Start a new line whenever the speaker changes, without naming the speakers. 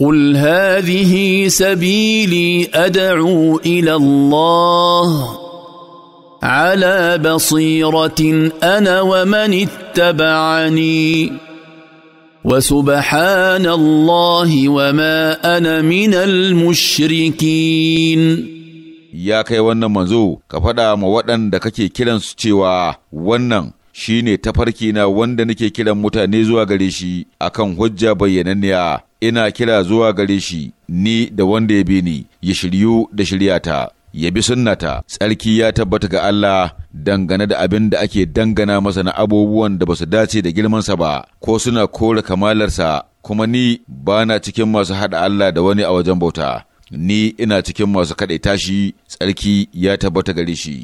قل هذه سبيلي ادعو الى الله على بصيره انا ومن اتبعني وسبحان الله وما انا من المشركين ya kai wannan
manzo ka faɗa ma waɗanda kake kiransu cewa wannan shi ne tafarki na wanda nake kiran mutane zuwa gare shi akan hujja bayyananniya ina kira zuwa gare shi ni da wanda ya bi ni ya shiryu da shiryata ya bi sunnata tsarki ya tabbata ga Allah dangane da abin da ake dangana masa na abubuwan da basu dace da girmansa ba ko suna kore kamalarsa kuma ni ba na cikin masu haɗa Allah da wani a wajen bauta ni ina cikin masu kaɗaita shi tsarki
ya tabbata gare shi